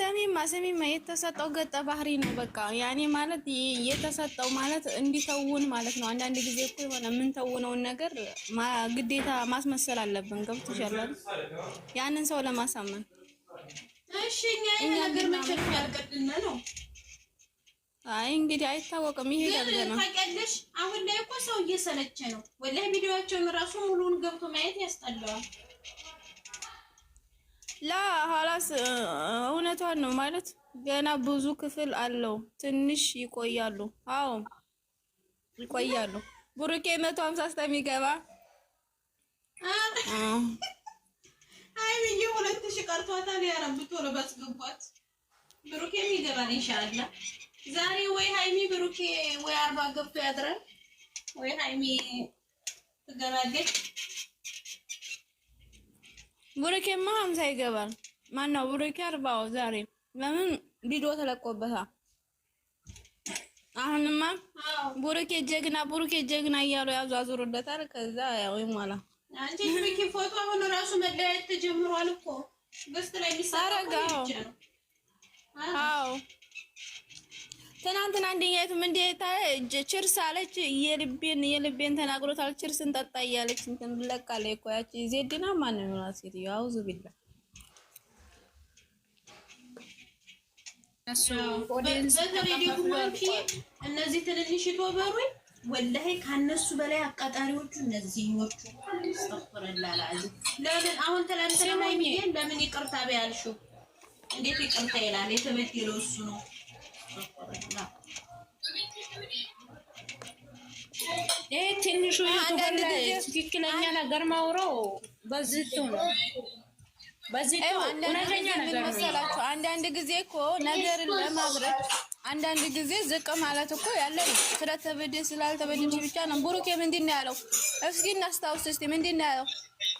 ስሚማ የተሰጠው ገጠ ባህሪ ነው። በቃ ያኔ ማለት የተሰጠው ማለት እንዲተውን ማለት ነው። አንዳንድ ጊዜ እኮ የሆነ የምንተውነውን ነገር ግዴታ ማስመሰል አለብን። ገብቶሻል? ያንን ሰው ለማሳመን አይ እንግዲህ አይታወቅም። ይሄ ደግሞ ታውቂያለሽ፣ አሁን ላይ እኮ ሰው እየሰለቸ ነው። ወላሂ ቪዲዮዋቸውን እራሱ ሙሉውን ገብቶ ማየት ያስጠላዋል። ላ ሀላስ እውነቷን ነው ማለት ገና ብዙ ክፍል አለው። ትንሽ ይቆያሉ። አዎ ይቆያሉ። ቡሩኬ መቶ ሀምሳ እስከሚገባ አይ ሁለት ሺህ ቀርቷታል። ያረብቶ ነው በስግቧት ብሩኬም ይገባል ኢንሻአላ። ዛሬ ወይ ሃይሚ ብሩኬ ወይ አርባ ገብቶ ያድራል ወይ ሃይሚ ትገባለች። ቡሩኬማ ሀምሳ ይገባል። ማነው ቡሩኬ አርባው ዛሬ ለምን ቪዲዮ ተለቆበታ? አሁንማ ቡሩኬ ጀግና ቡሩኬ ጀግና እያሉ ያዙ አዙሩለታል። ከዛ ያው ይሟላ አንቺ ቡሩኬ ፎቶ አሁን ራሱ መለያየት ተጀምሯል እኮ ገስት ላይ የሚሰራ ነው። አዎ ትናንትና አንደኛይቱም እንዴታ ችርስ አለች። የልቤን የልቤን ተናግሮታል። ችርስ እንጠጣ እያለች እንትን ብለቃለ እኮ ያቺ ዜድና ማን ነው ሴትዮዋ? አውዙ ቢላ እነዚህ ትንንሽ ቶበሩ ወላሂ ከነሱ በላይ አቃጣሪዎቹ እነዚህኞቹ ስፍርላላዚ ለምን አሁን ትላንትና ለምን ይቅርታ ቢያልሹ እንዴት ይቅርታ ይላል? የተበደለው እሱ ነው። ይሄ ትንሹ ትክክለኛ ነገር ማውረው በዚቱ ነው። በዚቱ እውነተኛ ነገር ነው። አንዳንድ ጊዜ እኮ ነገርን ለማብረት አንዳንድ ጊዜ ዝቅ ማለት እኮ ያለ ስለተበደ ስላልተበደች ብቻ ነው። ብሩኬ ምንድን ነው ያለው? እስኪ እናስታውስ እስቲ ምንድን ነው ያለው?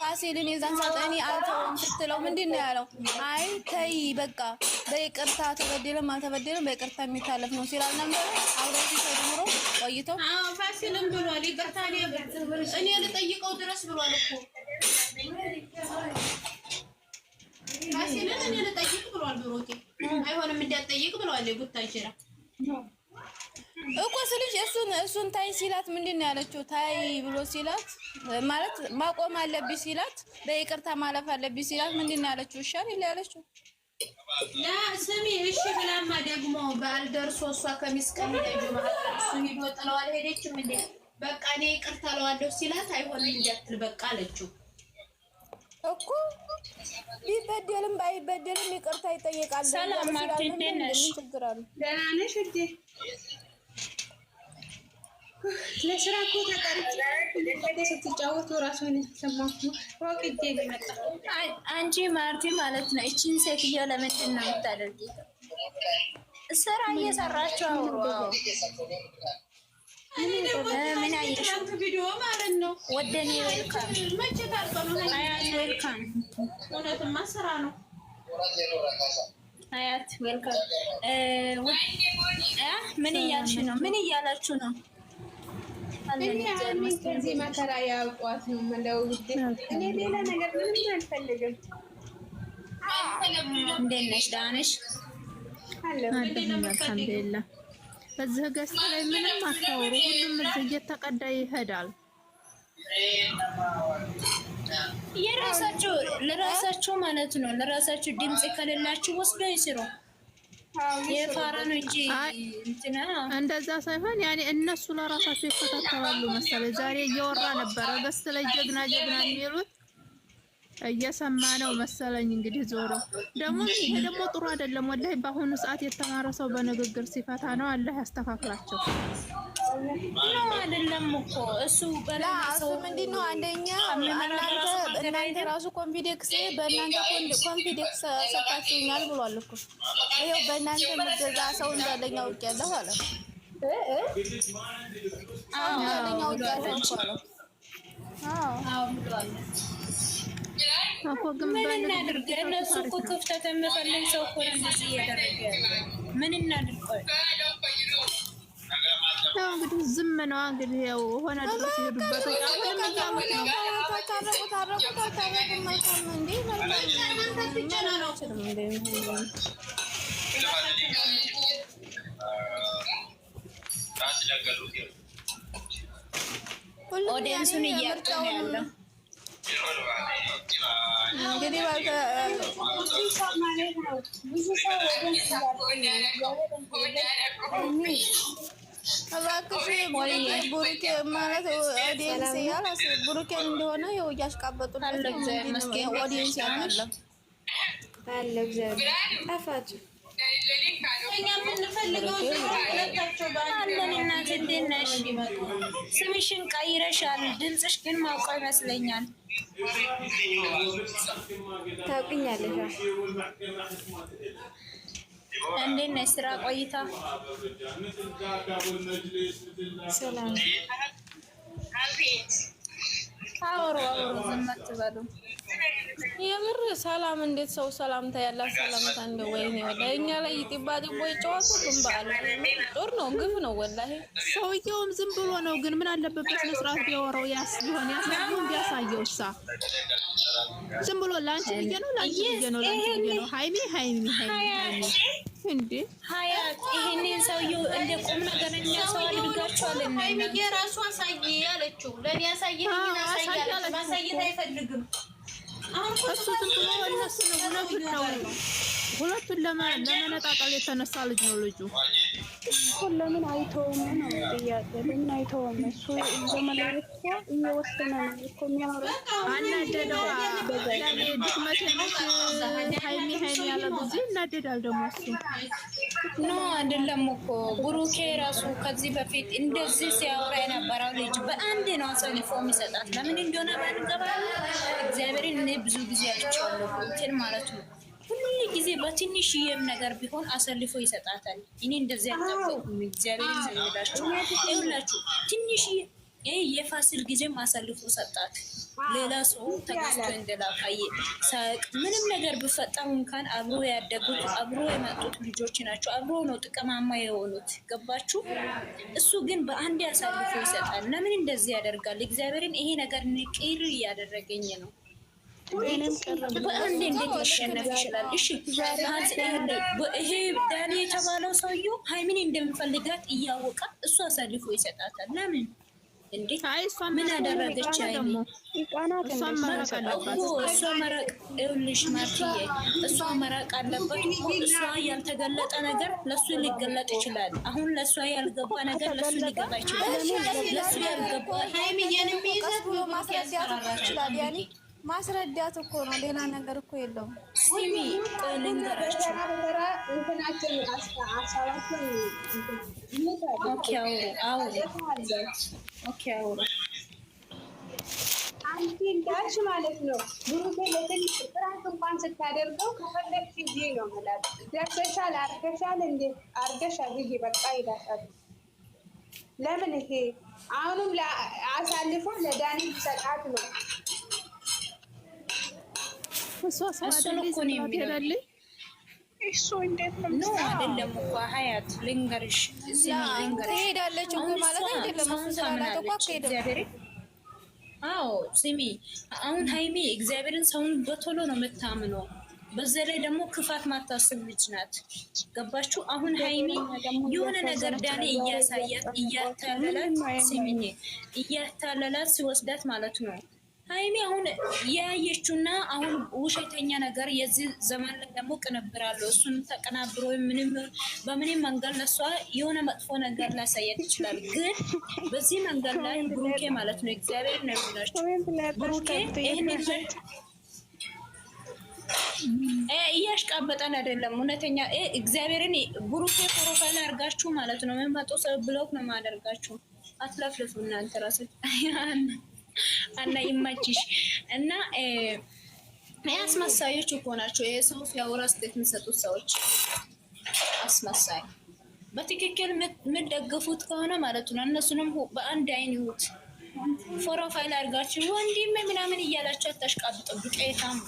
ፋሲልን የዛን ሰጠኒ አልተውም ስትለው ምንድን ነው ያለው? አይ ተይ በቃ በይቅርታ ተበደለም አልተበደለም በይቅርታ የሚታለፍ ነው ሲላል ነበር። አብረው ሲሰድምሮ ቆይተው አዎ ፋሲልም ብሏል ይቅርታ እኔ ልጠይቀው ድረስ ብሏል እኮ ፋሲልን እኔ ልጠይቅ ብለዋል። ብሮቴ አይሆንም እንዲያጠይቅ ብለዋል። የቡታጅራ እኮ ስልሽ እሱን እሱን ታይ ሲላት ምንድን ነው ያለችው? ታይ ብሎ ሲላት ማለት ማቆም አለብሽ ሲላት በይቅርታ ማለፍ አለብሽ ሲላት ምንድን ነው ያለችው? እሺ አይደል ያለችው? ላ ስሚ እሺ ብላማ ደግሞ በዓል ደርሶ እሷ ከሚስቀል እሱ ሂዶ ጥለዋል። ሄደችም እንዴ በቃ እኔ ይቅርታ እለዋለሁ ሲላት አይሆንም እንዳትል በቃ አለችው እኮ ቢበደልም ባይበደልም ይቅርታ ይጠይቃል። ሰላም ማርቲ፣ እንዴት ነሽ? ደህና ነሽ? እዴ ለስራ እኮ ተጠርቼ ስትጫወቱ እራሱን ሰማሁ። ፎቅ እጄ ሊመጣ አንቺ ማርቲ ማለት ነው። እችን ሴትዮ ለምንድን ነው የምታደርጊው? ስራ እየሰራችሁ አውሮ ምን አየሽ? ቪዲዮ ማለት ነው። እያልሽ ነው? ምን እያላችሁ ነው? ከዚህ መከራ ያውቋት ነው የምለው። እኔ ሌላ ነገር ምንም አልፈልግም። እንዴት ነሽ? ደህና ነሽ? አለሁ። እንዴት ነው? አልሐምዱሊላህ በዚህ ገስት ላይ ምንም አታውሩ። ሁሉም እዚህ እየተቀዳ ይሄዳል። የራሳችሁ ለራሳችሁ ማለት ነው። ለራሳችሁ ድምጽ ከሌላችሁ ወስዶ ይስሩ። የፋራ ነው እንጂ እንትና እንደዛ ሳይሆን ያኔ እነሱ ለራሳቸው ይከታተላሉ መሰለኝ። ዛሬ እያወራ ነበረ ገስት ላይ ጀግና ጀግና የሚሉት እየሰማ ነው መሰለኝ። እንግዲህ ዞሮ ደግሞ ይሄ ደግሞ ጥሩ አይደለም። ወላሂ በአሁኑ ሰዓት የተማረ ሰው በንግግር ሲፈታ ነው። አላህ ያስተካክላቸው። አይደለም እኮ እሱ ምንድን ነው አንደኛ እናንተ ራሱ ኮንፊደንስ በእናንተ ኮንፊደንስ ሰጣችሁኛል ብሏል እኮ ይኸው በእናንተ ምገዛ ሰው እንዳለኝ አውቄያለሁ አለ እንዳለኝ አውቄያለሁ አለ ምን እናድርግ? እነሱ እኮ ክፍተት የምፈልግ ሰው እኮ እንደዚህ እያደረገ ምን እናድርግ? ያው እንግዲህ ዝም ነው እንግዲህ ያው ሆነ ድረስ ይሄዱበት ኦዲየንሱን እያጡ ያለው። እንግዲህ እባክሽ ቡሩኬ ማለት ኦዲየንስ እያለ ቡሩኬን እንደሆነ ይኸው እያሽቃበጡ ኦዲየንስ ያለ አለ እግዚአብሔር ጠፋችሁ። አለን። እናት እንዴት ነሽ? ስምሽን ቀይረሻል። ድምፅሽ ግን ማውቀው ይመስለኛል። ታውቅኛለሽ። እንዴት ነሽ? ስራ ቆይታ ሰላም አውሩ አውሩ ዝም አትበሉ። የምር ሰላም እንዴት ሰው ሰላምታ ያላት ሰላምታ እንደ ወይኔ ወላሂ እኛ ላይ ይጥባ ጥቦ ይጫወቱ ግን በዓል ጦር ነው፣ ግፍ ነው ወላሂ። ሰውየውም ዝም ብሎ ነው ግን ምን አለበት መስራት ስርዓት ቢያወራው ያስ ቢሆን ያሳየው ቢያሳየው ሳ ዝም ብሎ ላንቺ ብዬ ነው ላንቺ ብዬ ነው ላንቺ ብዬ ነው ሃይሚ ሃይሚ ሃይሚ እንዴ ሀያት ይሄንን ሰውዬው እንደ ቁም ነገረኛ ሰው አድርጋችኋል። ሃይሚ የራሱ አሳይ ያለችው ለኔ አሳይ ማሳየት አይፈልግም እሱ ዝም እነሱ ነው ሁለቱን ነው ሁለቱን ለመነጣጠል የተነሳ ልጅ ነው ልጁ። እሱን ለምን አይተውም ነው ጥያቄ። ለምን አይተውም? እሱ ዘመናት እየወሰነ ነው እኮ የሚያወራው። አናደደው ድክመቴ ሀይሚ ሀይሚ ያለ ጊዜ እናደዳል ደግሞ እሱ ኖ አይደለም እኮ ብሩኬ ራሱ ከዚህ በፊት እንደዚህ ሲያወራ የነበረው ልጅ በአንድ ነው አሳልፎ የሚሰጣት። ለምን እንደሆነ ባንገባ እግዚአብሔርን እኔ ብዙ ጊዜ አይቼዋለሁ። እንትን ማለት ነው ሁሉ ጊዜ በትንሽዬም ነገር ቢሆን አሰልፎ ይሰጣታል። እኔ እንደዚህ አልጠበኩም። እግዚአብሔርን ዘንዳችሁ ይሁላችሁ ትንሽዬ ይህ የፋሲል ጊዜም አሳልፎ ሰጣት። ሌላ ሰው ተገዝቶ እንደላካ ሳቅ ምንም ነገር ብፈጠሩ እንኳን አብሮ ያደጉት አብሮ የመጡት ልጆች ናቸው። አብሮ ነው ጥቅማማ የሆኑት። ገባችሁ? እሱ ግን በአንድ አሳልፎ ይሰጣል። ለምን እንደዚህ ያደርጋል? እግዚአብሔርን ይሄ ነገር ንቅር እያደረገኝ ነው። በአንድ እንዴት ሊሸነፍ ይችላል? እሺ ይሄ ዳኒ የተባለው ሰውየው ሀይሚን እንደሚፈልጋት እያወቃ እሱ አሳልፎ ይሰጣታል። ለምን እንዴ ምን አደረገች? እሷ መረቅ ይኸውልሽ፣ ማርትዬ እሷ መረቅ አለበት። እሷ ያልተገለጠ ነገር ለሱ ሊገለጥ ይችላል። አሁን ለእሷ ያልገባ ነገር ለሱ ሊገባ ይችላል። ለሱ ያልገባ ማስረዳት እኮ ነው፣ ሌላ ነገር እኮ የለውም። ስሚ ልንገራችሁ፣ አንቺ እንዳልሽ ማለት ነው። ብሩኬ ለትንሽ ፍራት እንኳን ስታደርገው ከፈለግሽ ጊዜ ነው የምላት። ደርሰሻል፣ አርገሻል፣ እንዴት አርገሻል፣ ይሄ በቃ ይላታል። ለምን ይሄ አሁንም አሳልፎ ለዳኒ ሰጣት ነው እሱን እኮ እሱ እንዴት ነው? ትሄዳለች እኮ ማለት አይደለም። እኮ አዎ ስሚ፣ አሁን ሀይሚ እግዚአብሔርን ሰውን በቶሎ ነው የምታምነው። በዛ ላይ ደግሞ ክፋት ማታስብ ልጅ ናት። ገባችሁ? አሁን ሀይሜ የሆነ ነገር ዳኔ እያሳያት እያታለላት፣ እያታለላት ሲወስዳት ማለት ነው ሀይሚ አሁን የያየችውና አሁን ውሸተኛ ነገር የዚህ ዘመን ላይ ደግሞ ቅንብር አለው። እሱን ተቀናብሮ ምንም በምንም መንገድ ለሷ የሆነ መጥፎ ነገር ላሳየት ይችላል። ግን በዚህ መንገድ ላይ ብሩኬ ማለት ነው እግዚአብሔር ነው የሚላቸው ብሩኬ ይህን እያሽቃበጠን አይደለም። እውነተኛ እግዚአብሔርን ብሩኬ ፕሮፋይል አድርጋችሁ ማለት ነው ምን መጦ ብሎክ ነው ማደርጋችሁ። አትለፍልፉ እናንተ ራሳችሁ እና ይመችሽ እና አስመሳዮች እኮ ናቸው የሰው ፊያወራ ስቴት የሚሰጡት ሰዎች አስመሳይ በትክክል የምትደግፉት ከሆነ ማለት ነው። እነሱንም በአንድ አይን ይሁት ፕሮፋይል አድርጋችሁ ወንድሜ ምናምን እያላችሁ አታሽቃብጡ። ዱቄታም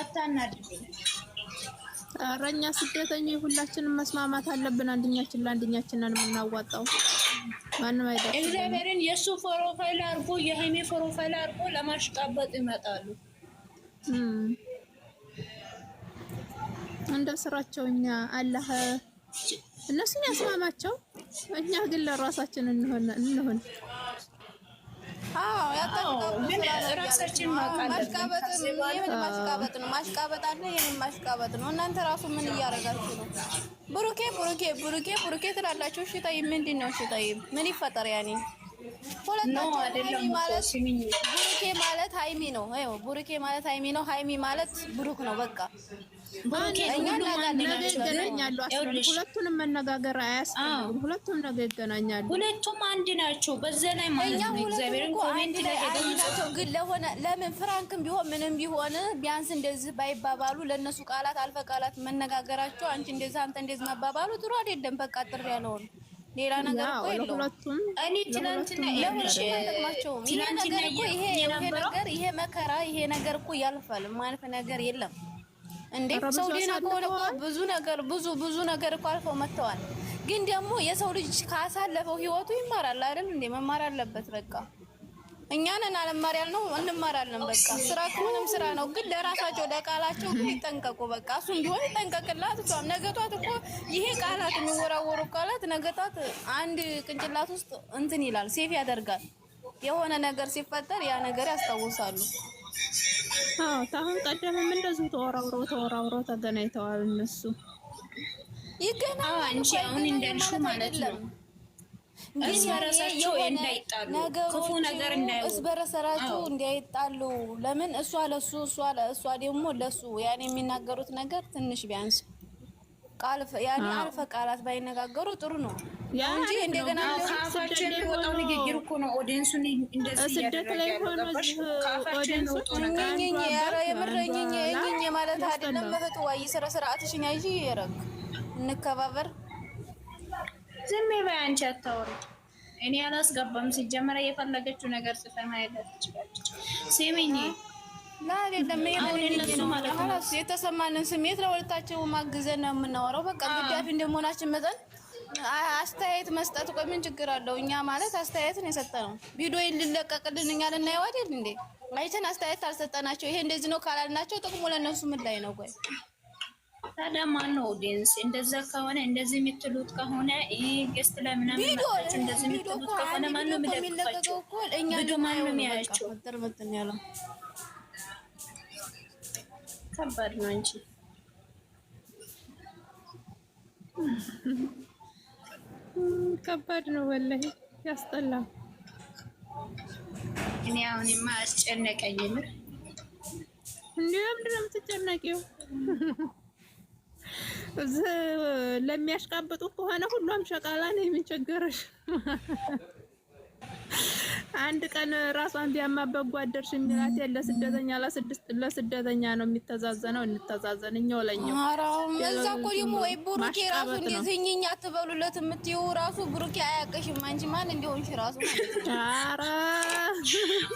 አታናድብኝ። ኧረ እኛ ሁላችንም መስማማት አለብን። አንድኛችን ለአንድኛችንን የምናዋጣው እግዚአብሔርን የእሱ ፕሮፋይል አርጎ የሃይሜ ፕሮፋይል አርጎ ለማሽቃበጥ ይመጣሉ። እንደው ስራቸው እኛ አላህ እነሱን ያስማማቸው፣ እኛ ግን ለራሳችን እንሆን እንሆን ራሳችን ማሽቃበጥ ነው። ማሽቃበጥ አለ፣ ይህንም ማሽቃበጥ ነው። እናንተ ራሱ ምን እያደረጋችሁ ነው? ብሩኬ ብሩኬ ብሩኬ ብሩኬ ትላላችሁ። እሺ ጠይብ፣ ምንድን ነው? እሺ ጠይብ፣ ምን ይፈጠር? ያኔ ሁለታችሁ ማለት ሀይሚ ነው። ቡሩኬ ማለት ሀይሚ ነው። ሀይሚ ማለት ብሩክ ነው። በቃ ሁለቱንም መነጋገር አያስፈልግም። ሁለቱም ነገ ይገናኛሉ። ሁለቱም አንድ ናቸው። በዛ ላይ ማለት ግን ለሆነ ለምን ፍራንክም ቢሆን ምንም ቢሆን ቢያንስ እንደዚህ ባይባባሉ ለእነሱ ቃላት አልፈ ቃላት መነጋገራቸው አንቺ እንደዚህ አንተ እንደዚህ መባባሉ ጥሩ አይደለም። በቃ ጥሪ ያለውን ሌላ ነገር እኮ የለውም። እኔ ትናንትና ይሄ ነገር ይሄ መከራ ይሄ ነገር እኮ ያልፋል። ማለፍ ነገር የለም እንዴ ሰው ዲና ከሆነ እኮ ብዙ ነገር ብዙ ብዙ ነገር እኮ አልፈው መጥተዋል። ግን ደግሞ የሰው ልጅ ካሳለፈው ህይወቱ ይማራል አይደል እንዴ? መማር አለበት በቃ። እኛ ነን አለማር ያልነው እንማራለን በቃ። ስራ ከምንም ስራ ነው፣ ግን ለራሳቸው ለቃላቸው ግን ይጠንቀቁ በቃ። እሱም ቢሆን ይጠንቀቅላት። እሷም ነገቷት እኮ ይሄ ቃላት የሚወራወሩ ቃላት ነገጧት አንድ ቅንጭላት ውስጥ እንትን ይላል፣ ሴፍ ያደርጋል። የሆነ ነገር ሲፈጠር ያ ነገር ያስታውሳሉ። አዎ ታሁን ቀደምም እንደዚሁ ተወራውረው ተወራውረው ተገናኝተዋል። እነሱ ይገናኛሉ እንጂ አሁን እንዳልሽው ማለት ነው እርስ በራሳቸው እንዳይጣሉ ክፉ ነገር እንዳይሆን እርስ በራሳቸው እንዳይጣሉ። ለምን እሷ ለሱ እሷ ደግሞ ለሱ ያን የሚናገሩት ነገር ትንሽ ቢያንስ አልፈ ቃላት ባይነጋገሩ ጥሩ ነው እንጂ እንደገና ካፋቸው የሚወጣው ንግግር እኮ ነው። ኦዲንሱን እንደዚህ የምረኝኝ ማለት አይደለም። እህቱ ዋይ ስረ ስርዓትሽን ያዥ የረግ እንከባበር። ዝም በይ አንቺ አታወሪ። እኔ አላስገባም። ሲጀመረ የፈለገችው ነገር ጽፈን አይለት ትችላለች። የተሰማንን ስሜት ለሁለታቸው ማግዘን ነው የምናወራው። በቃ ግዳፊ እንደመሆናችን መጠን አስተያየት መስጠት ቆይ ምን ችግር አለው? እኛ ማለት አስተያየትን የሰጠ ነው። ቪዲዮ ሊለቀቅልን እኛ ልናየው አይደል እንዴ? አይተን አስተያየት አልሰጠናቸው ይሄ እንደዚህ ነው ካላልናቸው ጥቅሙ ለእነሱ ምን ላይ ነው? ቆይ ታዲያ ማን ነው ኦዲየንስ? እንደዛ ከሆነ እንደዚህ የምትሉት ከሆነ ይሄ ገስት ላይ እንደዚህ የምትሉት ከሆነ ማን ነው የሚለቀቀው? እኛ ማን ነው የሚያያቸው? ከባድ ነው እንጂ ከባድ ነው ወላሂ ያስጠላል። እኔ አሁንማ አስጨነቀኝ ምር እንዴ ምንድን ነው የምትጨነቂው? ለሚያሽቃብጡ ከሆነ ሁሉም ሸቃላ ነው የምንቸገረሽ አንድ ቀን ራሷን ቢያማበት ጓደርሽ የሚላት ለስደተኛ ለስደተኛ ነው የሚተዛዘነው። እንተዛዘን እኛው ለኛው እዛ እኮ ደግሞ ወይ ብሩኬ ራሱ እንደዚህ እኛ አትበሉለት የምትይው ራሱ ብሩኬ አያውቅሽም። አንቺ ማን እንደሆንሽ ራሱ ኧረ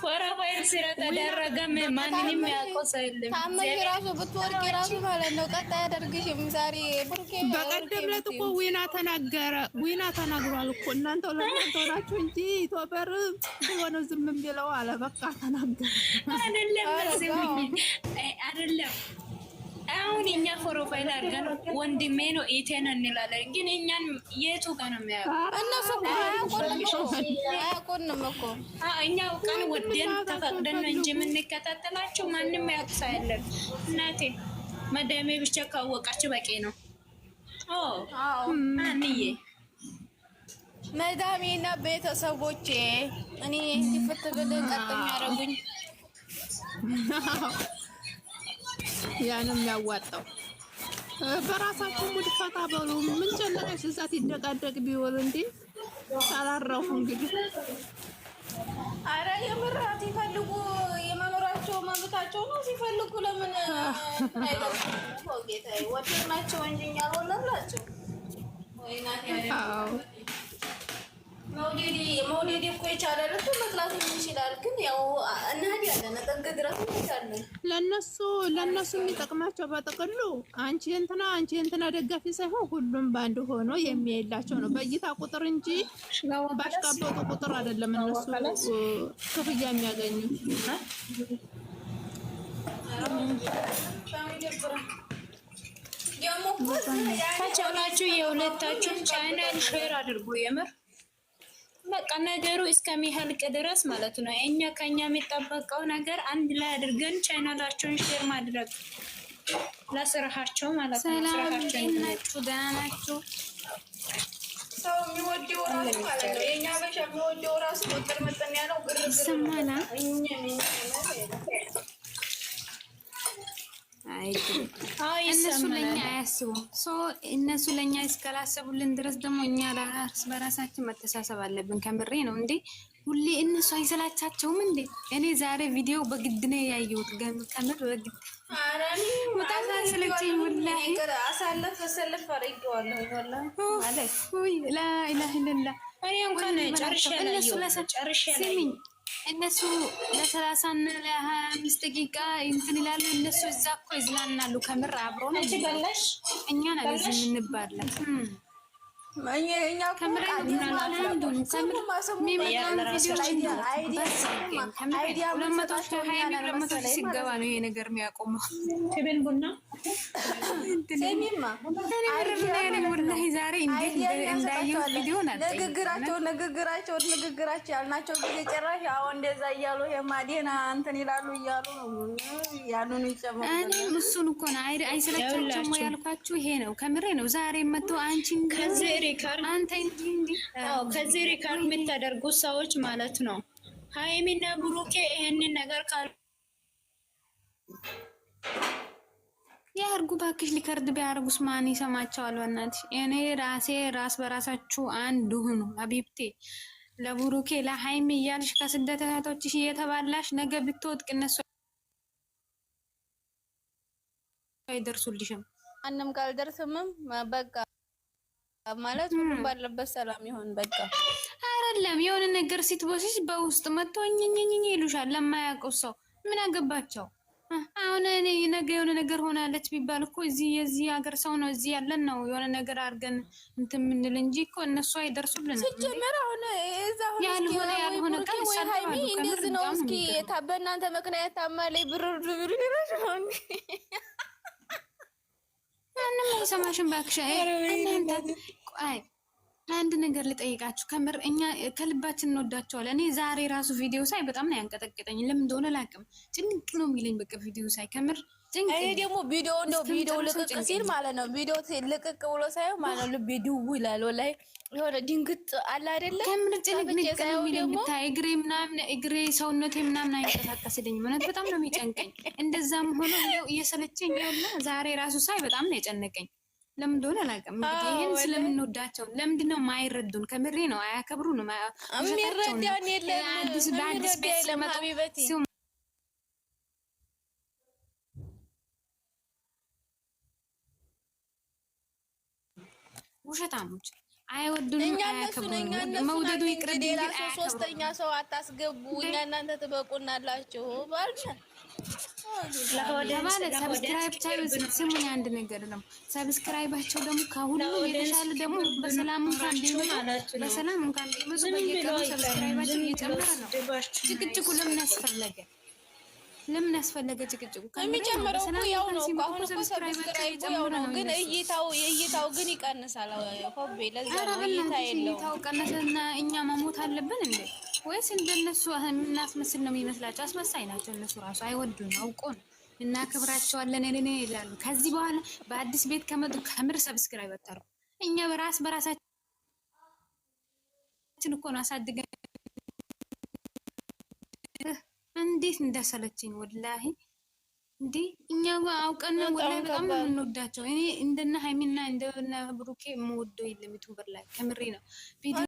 ወረፋይል ስራ ተደረገ። ማንንም ያቆሰ የለም። ታመሽ ራሱ ብትወርቂ ራሱ ማለት ነው ቀጣ አያደርግሽም። ዛሬ ብሩኬ በቀደም ዕለት እኮ ዊና ተናገረ ዊና ተናግሯል እኮ እናንተ ለምን ተወራችሁ እንጂ ቶበር የሆነ ዝም የሚለው አለ። በቃ ተናገር አሁን እኛ ፕሮፋይል አድርገን ወንድሜ ነው ኢቴን እንላለን፣ ግን እኛን የቱ ጋር ነው እነሱ አያውቁንም እኮ እኛ ወደን ተፈቅደን ነው እንጂ የምንከታተላቸው ማንም ያቅሳ ያለን እናቴ መዳሜ ብቻ ካወቃቸው በቂ ነው። መዳሜና ቤተሰቦቼ እኔ እንዲፈት ብል ቀጥ የሚያደርጉኝ ያንም ያዋጣው በራሳችሁ ሙድ ፈታ በሉ። ምን ጨነቀሽ? እዛ ሲደቃደቅ ቢወሉ እንዴ ሳላረፉ እንግዲህ አረ የምራት ሲፈልጉ የመኖራቸው መብታቸው ነው። ሲፈልጉ ለምን አይደለም? ጌታ ወደድናቸው እንጂ እኛ አልወለድናቸው ወይ ናት መውለድ እኮ የቻላል እኮ መጥላት ይችላል። ግን ያው እንሄዳለን ጥግ ድረስ እንሄዳለን። ለነሱ ለነሱ የሚጠቅማቸው በጥቅሉ አንቺ እንትና አንቺ እንትና ደጋፊ ሳይሆን ሁሉም በአንድ ሆኖ የሚያይላቸው ነው። በእይታ ቁጥር እንጂ ባሽቃበጡ ቁጥር አይደለም እነሱ ክፍያ የሚያገኙት። ከቻላችሁ የሁለታችሁን ቻናል ሼር አድርጉ የምር በቃ ነገሩ እስከሚያልቅ ድረስ ማለት ነው። እኛ ከኛ የሚጠበቀው ነገር አንድ ላይ አድርገን ቻይናላቸውን ሼር ማድረግ ለስራሃቸው ማለት ነው። ሰላም ናችሁ? ደህና ናችሁ? ሰው የሚወደው ራሱ ማለት ነው። የእኛ በሻ የሚወደው ራሱ ቁጥር መጠን ያለው ግርግር ነው እነሱ ለእኛ አያስቡም። እነሱ ለእኛ እስካላሰቡልን ድረስ ደግሞ እኛ ራስ በራሳችን መተሳሰብ አለብን። ከምሬ ነው እንዴ! ሁሌ እነሱ አይሰላቻቸውም እንዴ? እኔ ዛሬ ቪዲዮ በግድ ነው ያየሁት። ከምር በግድ በጣም ላ ላ ላ እነሱ ጨርሼ እነሱ ለሰላሳ እና ለሀያ አምስት ደቂቃ እንትን ይላሉ። እነሱ እዛ እኮ ይዝናናሉ። ከምር አብሮ ነው እኛ ነገር የምንባለን ሲገባ ነው ይሄ ነገር የሚያቆመው። ንግግራቸውን ንግግራቸው ያልናቸው ጊዜ ጭራሽ አሁን እንደዛ እያሉ የማዴና እንትን ይላሉ እያሉ ያሉን ይጨመር። እሱን እኮ ነው አይሰለቻቸው ያልኳችሁ። ይሄ ነው ከምሬ ነው። ዛሬ መጥተው አንቺን ሪካርድ አንተ ከዚህ ሪካርድ የምታደርጉ ሰዎች ማለት ነው ሀይሚና ብሩኬ ይህንን ነገር ካል የአርጉ ባክሽ ሊከርድ ቢያርጉስ ማን ይሰማቸዋል? በእናትሽ እኔ ራሴ ራስ በራሳችሁ አንድ ሁኑ። አቢብቴ ለቡሩኬ ለሀይሚ እያልሽ ከስደት እህቶችሽ እየተባላሽ ነገ ብትወጥቅ እነሱ አይደርሱልሽም። አንም ካልደርስምም በቃ ማለት ሁሉም ባለበት ሰላም ይሆን። በቃ አይደለም የሆነ ነገር ሲትቦስሽ በውስጥ መጥቶ እኝኝኝ ይሉሻል። ለማያውቀው ሰው ምን አገባቸው? አሁን እኔ ነገ የሆነ ነገር ሆናለች ቢባል እኮ እዚህ የዚህ ሀገር ሰው ነው እዚህ ያለን ነው የሆነ ነገር አድርገን እንትን የምንል እንጂ እኮ እነሱ አይደርሱልን። ሲጀመር አሁን ያልሆነ ያልሆነ ቃል ሚ እንደዚህ ነው። እስኪ በእናንተ ምክንያት ታማ ላይ ብር ብር ምንም አይሰማሽም እባክሽ። አንድ ነገር ልጠይቃችሁ ከምር እኛ ከልባችን እንወዳቸዋለን። እኔ ዛሬ ራሱ ቪዲዮ ሳይ በጣም ነው ያንቀጠቀጠኝ። ለምን እንደሆነ ላቅም ጭንቅ ነው የሚለኝ በቃ ቪዲዮ ሳይ ከምር ይሄ ደግሞ ቪዲዮ እንደ ቪዲዮ ልቅቅ ሲል ማለት ነው። ቪዲዮ ልቅቅ ብሎ ሳይሆን ማለት ነው ልቤ ድው ይላል። ላይ የሆነ ድንግጥ አለ አይደለ? እግሬ ምናምን እግሬ ሰውነቴ ምናምን አይንቀሳቀስልኝ። እውነት በጣም ነው የሚጨንቀኝ። እንደዛም ሆኖ እየሰለቸኝ ያለ ዛሬ ራሱ ሳይ በጣም ነው የጨነቀኝ። ለምን እንደሆነ አላውቅም። ይህን ስለምንወዳቸው ለምንድን ነው ማይረዱን? ከምሬ ነው። አያከብሩንም። የሚረዳን የለም። አዲስ በአዲስ ቤት ስለመጡ ውሸታሞች አይወዱንም፣ አያከብሩንም። መውደዱ ይቅርብ። ሌላ ሰው ሶስተኛ ሰው አታስገቡ። እኛ እናንተ ትበቁናላችሁ ባልሽ ለማለት ሰብስክራይብ ስሙኝ፣ አንድ ነገር ነው። ሰብስክራይባቸው ደግሞ ከሁሉ የተሻለ ደግሞ በሰላም እንኳን ቢሆን በሰላም እንኳን ቢሆን በየቀኑ ሰብስክራይባቸው እየጨመረ ነው። ጭቅጭቁ ለምን ያስፈለገ? ለምን ያስፈለገ ጭቅጭቁ? የሚጨምረው እኮ ያው ነው። አሁን እኮ ሰብስክራይብ ያው ነው፣ ግን እይታው የእይታው ግን ይቀንሳል። ሆቤ ለዛ ነው እይታ የለውም። እይታው ቀነሰና እኛ መሞት አለብን እንዴ? ወይስ እንደነሱ የምናስመስል ነው የሚመስላቸው? አስመሳይ ናቸው እነሱ ራሱ አይወዱን፣ አውቆ ነው እና ክብራቸዋለን እኔ ይላሉ። ከዚህ በኋላ በአዲስ ቤት ከመጡ ከምር ሰብስክራይብ አታርጉ። እኛ በራስ በራሳችን እኮ ነው አሳድገን እንዴት እንዳሰለችኝ ወላሂ። እንዴ እኛ አውቀና ወላሂ በጣም ነው የምንወዳቸው። እኔ እንደነ ሀይሚና እንደነ ብሩኬ የምወደው የለም ዩቱበር ላይ ከምሬ ነው።